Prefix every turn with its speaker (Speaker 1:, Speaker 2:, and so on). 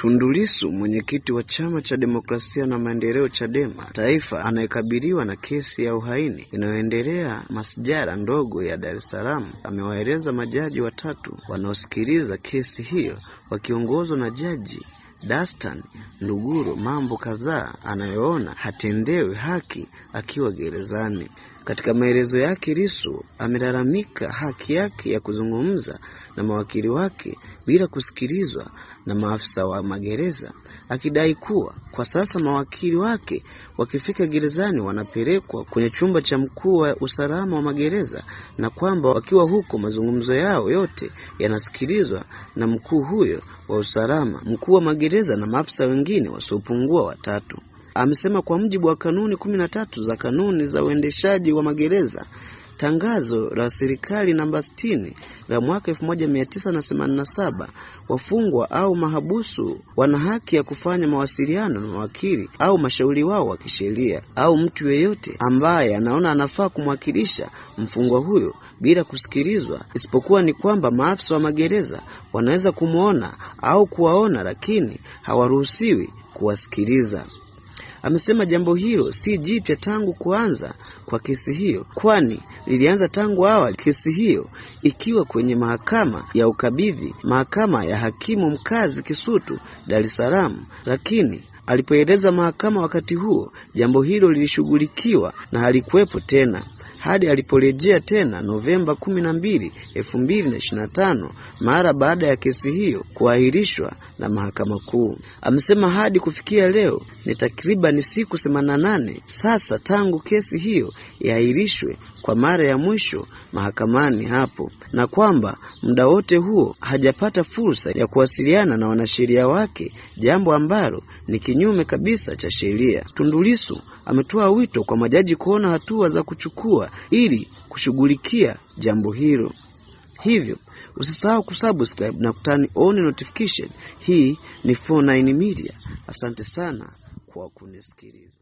Speaker 1: Tundu Lissu mwenyekiti wa Chama cha Demokrasia na Maendeleo Chadema Taifa anayekabiliwa na kesi ya uhaini inayoendelea masijara ndogo ya Dar es Salaam amewaeleza majaji watatu wanaosikiliza kesi hiyo wakiongozwa na Jaji Dastan Luguru mambo kadhaa anayoona hatendewi haki akiwa gerezani. Katika maelezo yake, Lissu amelalamika haki yake ya kuzungumza na mawakili wake bila kusikilizwa na maafisa wa magereza akidai kuwa kwa sasa mawakili wake wakifika gerezani wanapelekwa kwenye chumba cha mkuu wa usalama wa magereza na kwamba wakiwa huko mazungumzo yao yote yanasikilizwa na mkuu huyo wa usalama, mkuu wa magereza na maafisa wengine wasiopungua watatu. Amesema kwa mujibu wa kanuni kumi na tatu za kanuni za uendeshaji wa magereza Tangazo la serikali namba 60 la mwaka 1987, wafungwa au mahabusu wana haki ya kufanya mawasiliano na mawakili au mashauri wao wa kisheria au mtu yeyote ambaye anaona anafaa kumwakilisha mfungwa huyo bila kusikilizwa, isipokuwa ni kwamba maafisa wa magereza wanaweza kumwona au kuwaona, lakini hawaruhusiwi kuwasikiliza amesema jambo hilo si jipya tangu kuanza kwa kesi hiyo, kwani lilianza tangu awali, kesi hiyo ikiwa kwenye mahakama ya ukabidhi, mahakama ya hakimu mkazi Kisutu, Dar es Salaam, lakini alipoeleza mahakama wakati huo jambo hilo lilishughulikiwa na halikuwepo tena hadi aliporejea tena Novemba 12, 2025 mara baada ya kesi hiyo kuahirishwa na mahakama kuu. Amesema hadi kufikia leo ni takribani siku 88 sasa tangu kesi hiyo iahirishwe kwa mara ya mwisho mahakamani hapo na kwamba muda wote huo hajapata fursa ya kuwasiliana na wanasheria wake, jambo ambalo ni kinyume kabisa cha sheria. Tundu Lissu ametoa wito kwa majaji kuona hatua za kuchukua ili kushughulikia jambo hilo. Hivyo usisahau kusubscribe na kutani on notification. Hii ni 49 Media. Asante sana kwa kunisikiliza.